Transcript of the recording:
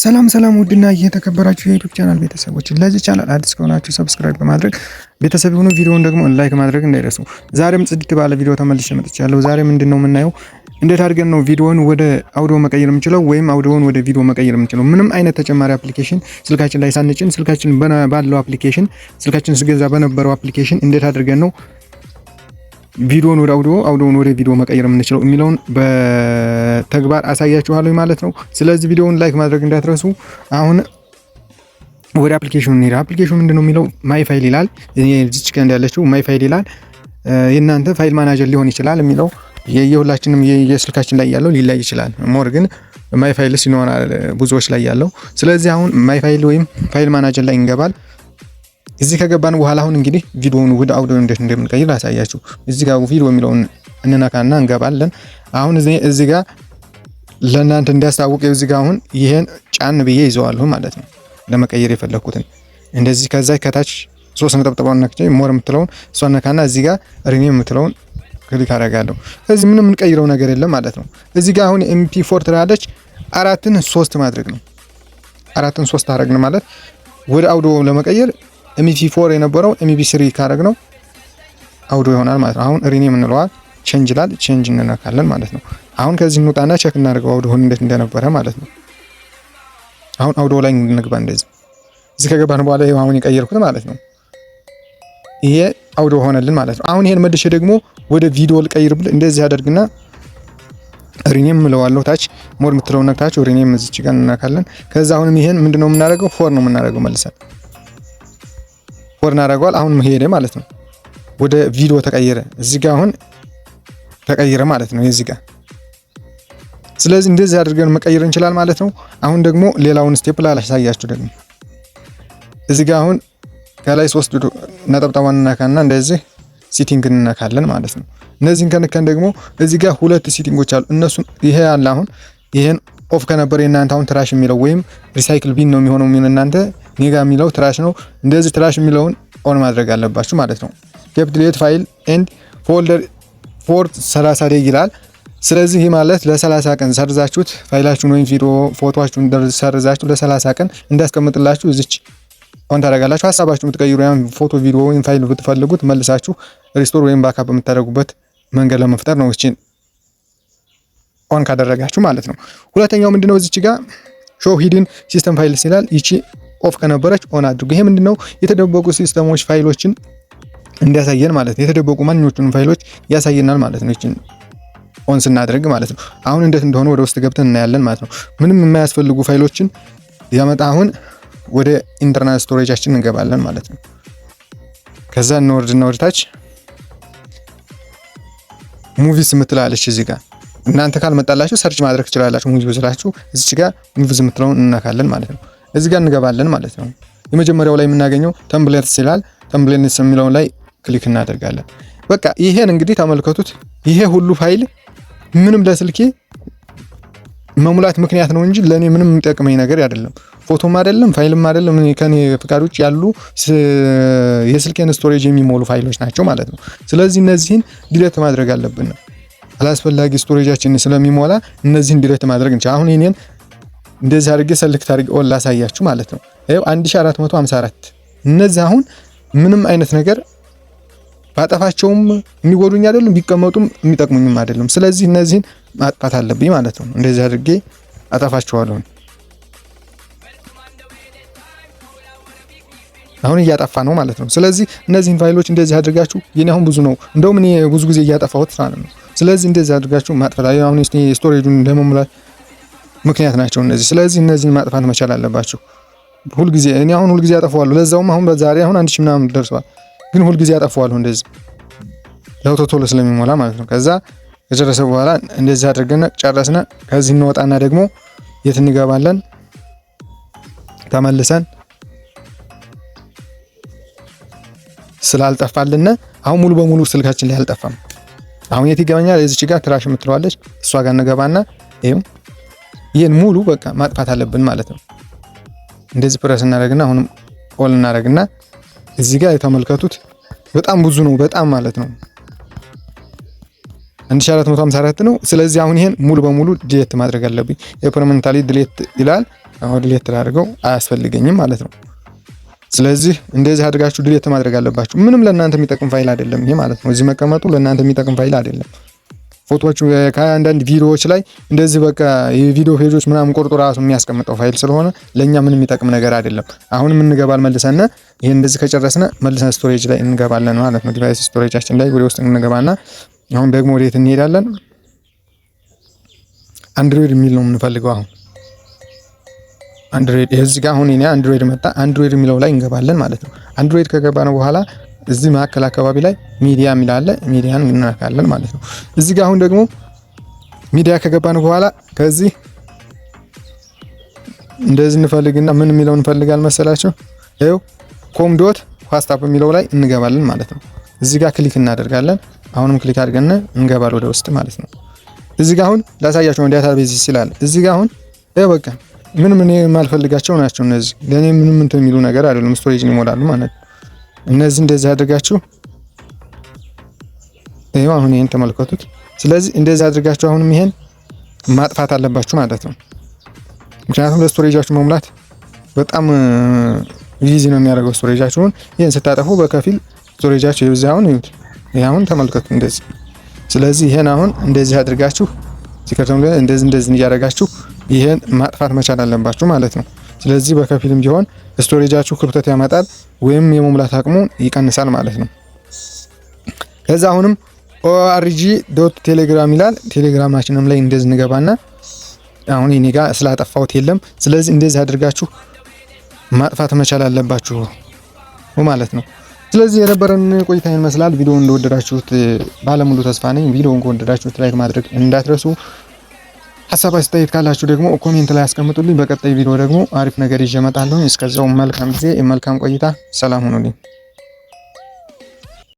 ሰላም ሰላም፣ ውድና እየተከበራችሁ የዩቱብ ቻናል ቤተሰቦች፣ ለዚህ ቻናል አዲስ ከሆናችሁ ሰብስክራይብ በማድረግ ቤተሰብ የሆኑ ቪዲዮውን ደግሞ ላይክ ማድረግ እንዳይረሱ። ዛሬም ጽድት ባለ ቪዲዮ ተመልሼ መጥቻለሁ። ዛሬ ምንድን ነው የምናየው? እንዴት አድርገን ነው ቪዲዮውን ወደ አውዲዮ መቀየር የምንችለው ወይም አውዲዮን ወደ ቪዲዮ መቀየር የምንችለው? ምንም አይነት ተጨማሪ አፕሊኬሽን ስልካችን ላይ ሳንጭን ስልካችን ባለው አፕሊኬሽን ስልካችን ስገዛ በነበረው አፕሊኬሽን እንዴት አድርገን ነው ቪዲዮን ወደ አውዲዮ አውዲዮን ወደ ቪዲዮ መቀየር የምንችለው የሚለውን ተግባር አሳያችኋለሁ ማለት ነው። ስለዚህ ቪዲዮውን ላይክ ማድረግ እንዳትረሱ። አሁን ወደ አፕሊኬሽኑ እንሄድ። አፕሊኬሽኑ ምንድን ነው የሚለው ማይ ፋይል ይላል። ዚች ቀን ያለችው ማይ ፋይል ይላል። የእናንተ ፋይል ማናጀር ሊሆን ይችላል የሚለው የሁላችንም የስልካችን ላይ ያለው ሊለይ ይችላል። ሞር ግን ማይ ፋይል ይኖራል ብዙዎች ላይ ያለው። ስለዚህ አሁን ማይ ፋይል ወይም ፋይል ማናጀር ላይ እንገባል። እዚህ ከገባን በኋላ አሁን እንግዲህ ቪዲዮውን ወደ አውዲዮ እንዴት እንደምንቀይር አሳያችሁ። እዚህ ጋር ቪዲዮ የሚለውን እንነካና እንገባለን። አሁን እዚህ ጋር ለእናንተ እንዲያስታውቅ እዚህ ጋር አሁን ይሄን ጫን ብዬ ይዘዋለሁ ማለት ነው። ለመቀየር የፈለግኩትን እንደዚህ ከዛ ከታች ሶስት ነጠብጣባውን ነክ ሞር የምትለውን እሷ ነካና እዚህ ጋር ሪኔም የምትለውን ክሊክ አደርጋለሁ። ከዚህ ምንም የምንቀይረው ነገር የለም ማለት ነው። እዚህ ጋር አሁን ኤምፒ ፎር ትላለች። አራትን ሶስት ማድረግ ነው። አራትን ሶስት አደረግን ማለት ወደ አውዶ ለመቀየር ኤምፒ ፎር የነበረው ኤምፒ ስሪ ካረግ ነው አውዶ ይሆናል ማለት ነው። አሁን ሪኔም የምንለዋል ቼንጅ ላል ቼንጅ እንነካለን ማለት ነው። አሁን ከዚህ እንውጣና ቼክ እናደርገው አውዶውን እንዴት እንደነበረ ማለት ነው። አሁን አውዶ ላይ እንግባ። እንደዚህ እዚህ ከገባን በኋላ ይሄው አሁን የቀየርኩት ማለት ነው። ይሄ አውዶ ሆነልን ማለት ነው። አሁን ይሄን መልሼ ደግሞ ወደ ቪዲዮ ልቀይር ብል እንደዚህ አደርግና ሪኔም እለዋለሁ። ታች ሞር ምትለው ነክታችሁ ሪኔም እዚች ጋር እናካለን። ከዛ አሁንም ይሄን ምንድነው የምናደርገው? ፎር ነው የምናደርገው። መልሰን ፎር እናደርገዋል። አሁንም ሄደ ማለት ነው። ወደ ቪዲዮ ተቀየረ። እዚህ ጋር አሁን ተቀየረ ማለት ነው። እዚህ ጋር ስለዚህ እንደዚህ አድርገን መቀየር እንችላል ማለት ነው። አሁን ደግሞ ሌላውን ስቴፕ ላሳያችሁ። ደግሞ እዚህ ጋር አሁን ከላይ ሶስት ነጠብጣቧን እናካና እንደዚህ ሲቲንግ እንነካለን ማለት ነው። እነዚህን ከነካን ደግሞ እዚህ ጋር ሁለት ሲቲንጎች አሉ። እነሱን ይሄ ያለ አሁን ይሄን ኦፍ ከነበረ የእናንተ አሁን ትራሽ የሚለው ወይም ሪሳይክል ቢን ነው የሚሆነው የሚሆን እናንተ ኔጋ የሚለው ትራሽ ነው። እንደዚህ ትራሽ የሚለውን ኦን ማድረግ አለባችሁ ማለት ነው። ኬፕ ዲሌት ፋይል ኤንድ ፎልደር ፎር 30 ይላል። ስለዚህ ይህ ማለት ለ30 ቀን ሰርዛችሁት ፋይላችሁን ወይም ቪዲዮ ፎቶችሁን ሰርዛችሁ ለ30 ቀን እንዳስቀምጥላችሁ እዚች ሆን ታደርጋላችሁ። ሀሳባችሁ የምትቀይሩ ያን ፎቶ ቪዲዮ ወይም ፋይል ብትፈልጉት መልሳችሁ ሪስቶር ወይም ባካፕ የምታደርጉበት መንገድ ለመፍጠር ነው። እችን ኦን ካደረጋችሁ ማለት ነው። ሁለተኛው ምንድነው እዚች ጋር ሾ ሂድን ሲስተም ፋይል ይላል። ይቺ ኦፍ ከነበረች ኦን አድርጉ። ይሄ ምንድነው የተደበቁ ሲስተሞች ፋይሎችን እንዲያሳየን ማለት ነው። የተደበቁ ማንኞቹን ፋይሎች ያሳየናል ማለት ነው። ኦን ስናደርግ ማለት ነው። አሁን እንዴት እንደሆነ ወደ ውስጥ ገብተን እናያለን ማለት ነው። ምንም የማያስፈልጉ ፋይሎችን ያመጣ አሁን ወደ ኢንተርናል ስቶሬጃችን እንገባለን ማለት ነው። ከዛ እንወርድና ወደ ታች ሙቪስ የምትላለች እዚህ ጋር እናንተ ካልመጣላችሁ ሰርች ማድረግ ትችላላችሁ። ሙቪ ስላችሁ እዚች ጋር ሙቪዝ የምትለውን እናካለን ማለት ነው። እዚህ ጋር እንገባለን ማለት ነው። የመጀመሪያው ላይ የምናገኘው ተምብሌትስ ይላል። ተምብሌትስ የሚለውን ላይ ክሊክ እናደርጋለን። በቃ ይሄን እንግዲህ ተመልከቱት። ይሄ ሁሉ ፋይል ምንም ለስልኬ መሙላት ምክንያት ነው እንጂ ለእኔ ምንም የሚጠቅመኝ ነገር አይደለም። ፎቶም አይደለም ፋይልም አይደለም። ከኔ ፍቃድ ውጭ ያሉ የስልኬን ስቶሬጅ የሚሞሉ ፋይሎች ናቸው ማለት ነው። ስለዚህ እነዚህን ዲሌት ማድረግ አለብን። አላስፈላጊ ስቶሬጃችን ስለሚሞላ እነዚህን ዲሌት ማድረግ እንችል። አሁን እኔን እንደዚህ አድርጌ ሰልክት አድርጌ ኦን ላሳያችሁ ማለት ነው። ይኸው 1454 እነዚህ አሁን ምንም አይነት ነገር ባጠፋቸውም የሚጎዱኝ አይደሉም፣ ቢቀመጡም የሚጠቅሙኝም አይደሉም። ስለዚህ እነዚህን ማጥፋት አለብኝ ማለት ነው። እንደዚህ አድርጌ አጠፋቸዋለሁ። አሁን እያጠፋ ነው ማለት ነው። ስለዚህ እነዚህን ፋይሎች እንደዚህ አድርጋችሁ የኔ አሁን ብዙ ነው፣ እንደውም እኔ ብዙ ጊዜ እያጠፋሁት ማለት ነው። ስለዚህ እንደዚህ አድርጋችሁ ማጥፋት አሁን ስቶሬጁን ለመሙላት ምክንያት ናቸው እነዚህ። ስለዚህ እነዚህን ማጥፋት መቻል አለባችሁ ሁልጊዜ። እኔ አሁን ሁልጊዜ አጠፋዋለሁ። ለዛውም አሁን በዛሬ አሁን አንድ ሺህ ምናምን ደርሰዋል። ግን ሁልጊዜ አጠፋዋለሁ እንደዚህ ለውቶ ቶሎ ስለሚሞላ ማለት ነው። ከዛ ከጨረሰ በኋላ እንደዚህ አድርገን ጨረስነ። ከዚህ እንወጣና ደግሞ የት እንገባለን? ተመልሰን ስላልጠፋልን አሁን ሙሉ በሙሉ ስልካችን ላይ አልጠፋም። አሁን የት ይገባኛል? እዚች ጋር ትራሽ የምትለዋለች እሷ ጋር እንገባና ይህን ሙሉ በቃ ማጥፋት አለብን ማለት ነው። እንደዚህ ፕረስ እናደርግና አሁንም ኦል እናደርግና እዚህ ጋር የተመልከቱት በጣም ብዙ ነው። በጣም ማለት ነው 1454 ነው። ስለዚህ አሁን ይሄን ሙሉ በሙሉ ድሌት ማድረግ አለብኝ። የፐርመንታሊ ድሌት ይላል። አሁን ድሌት ላድርገው፣ አያስፈልገኝም ማለት ነው። ስለዚህ እንደዚህ አድርጋችሁ ድሌት ማድረግ አለባችሁ። ምንም ለእናንተ የሚጠቅም ፋይል አይደለም ይሄ ማለት ነው። እዚህ መቀመጡ ለእናንተ የሚጠቅም ፋይል አይደለም። ፎቶዎች ከአንዳንድ ቪዲዮዎች ላይ እንደዚህ በቃ የቪዲዮ ፔጆች ምናምን ቆርጦ ራሱ የሚያስቀምጠው ፋይል ስለሆነ ለእኛ ምን የሚጠቅም ነገር አይደለም። አሁንም እንገባል መልሰን ይህን እንደዚህ ከጨረስነ መልሰን ስቶሬጅ ላይ እንገባለን ማለት ነው። ዲቫይስ ስቶሬጃችን ላይ ወደ ውስጥ እንገባና አሁን ደግሞ ወዴት እንሄዳለን? አንድሮይድ የሚል ነው የምንፈልገው አሁን አንድሮይድ እዚህ ጋር አሁን እኔ አንድሮይድ መጣ። አንድሮይድ የሚለው ላይ እንገባለን ማለት ነው። አንድሮይድ ከገባነ በኋላ እዚህ መካከል አካባቢ ላይ ሚዲያ ሚላለ ሚዲያን እናካለን ማለት ነው። እዚህ ጋር አሁን ደግሞ ሚዲያ ከገባን በኋላ ከዚህ እንደዚህ እንፈልግና ምን የሚለው እንፈልጋል መሰላችሁ? ይኸው ኮም ዶት ዋትስአፕ የሚለው ላይ እንገባለን ማለት ነው። እዚህ ጋር ክሊክ እናደርጋለን። አሁንም ክሊክ አድርገን እንገባል ወደ ውስጥ ማለት ነው። እዚህ ጋር አሁን ላሳያችሁ ነው ዳታቤዝ ይችላል። እዚህ ጋር አሁን ይኸው በቃ ምን ምን የማልፈልጋቸው ናቸው እነዚህ ለእኔ ምንም እንትን የሚሉ ነገር አይደለም። ስቶሬጅን ይሞላሉ ማለት ነው። እነዚህ እንደዚህ አድርጋችሁ ይሄው አሁን ይሄን ተመልከቱት። ስለዚህ እንደዚህ አድርጋችሁ አሁንም ይሄን ማጥፋት አለባችሁ ማለት ነው። ምክንያቱም ለስቶሬጃችሁ መሙላት በጣም ይዚ ነው የሚያደርገው ስቶሬጃችሁን። ይሄን ስታጠፉ በከፊል ስቶሬጃችሁ ይብዛ። አሁን ይሁት ይሄ አሁን ተመልከቱ እንደዚህ። ስለዚህ ይሄን አሁን እንደዚህ አድርጋችሁ ሲከርተም እንደዚህ እንደዚህ እያደረጋችሁ ይሄን ማጥፋት መቻል አለባችሁ ማለት ነው። ስለዚህ በከፊልም ቢሆን ስቶሬጃችሁ ክብተት ያመጣል ወይም የመሙላት አቅሙን ይቀንሳል ማለት ነው። ከዛ አሁንም ኦአርጂ ዶት ቴሌግራም ይላል። ቴሌግራማችንም ላይ እንደዚህ እንገባና አሁን እኔ ጋር ስላጠፋሁት የለም። ስለዚህ እንደዚህ አድርጋችሁ ማጥፋት መቻል አለባችሁ ማለት ነው። ስለዚህ የነበረን ቆይታ ይመስላል። ቪዲዮ እንደወደዳችሁት ባለሙሉ ተስፋ ነኝ። ቪዲዮውን ከወደዳችሁት ላይክ ማድረግ እንዳትረሱ። ሀሳብ አስተያየት ካላችሁ ደግሞ ኮሜንት ላይ አስቀምጡልኝ በቀጣይ ቪዲዮ ደግሞ አሪፍ ነገር ይዤ እመጣለሁ። መልካም ጊዜ፣ መልካም ቆይታ፣ ሰላም ሁኑልኝ።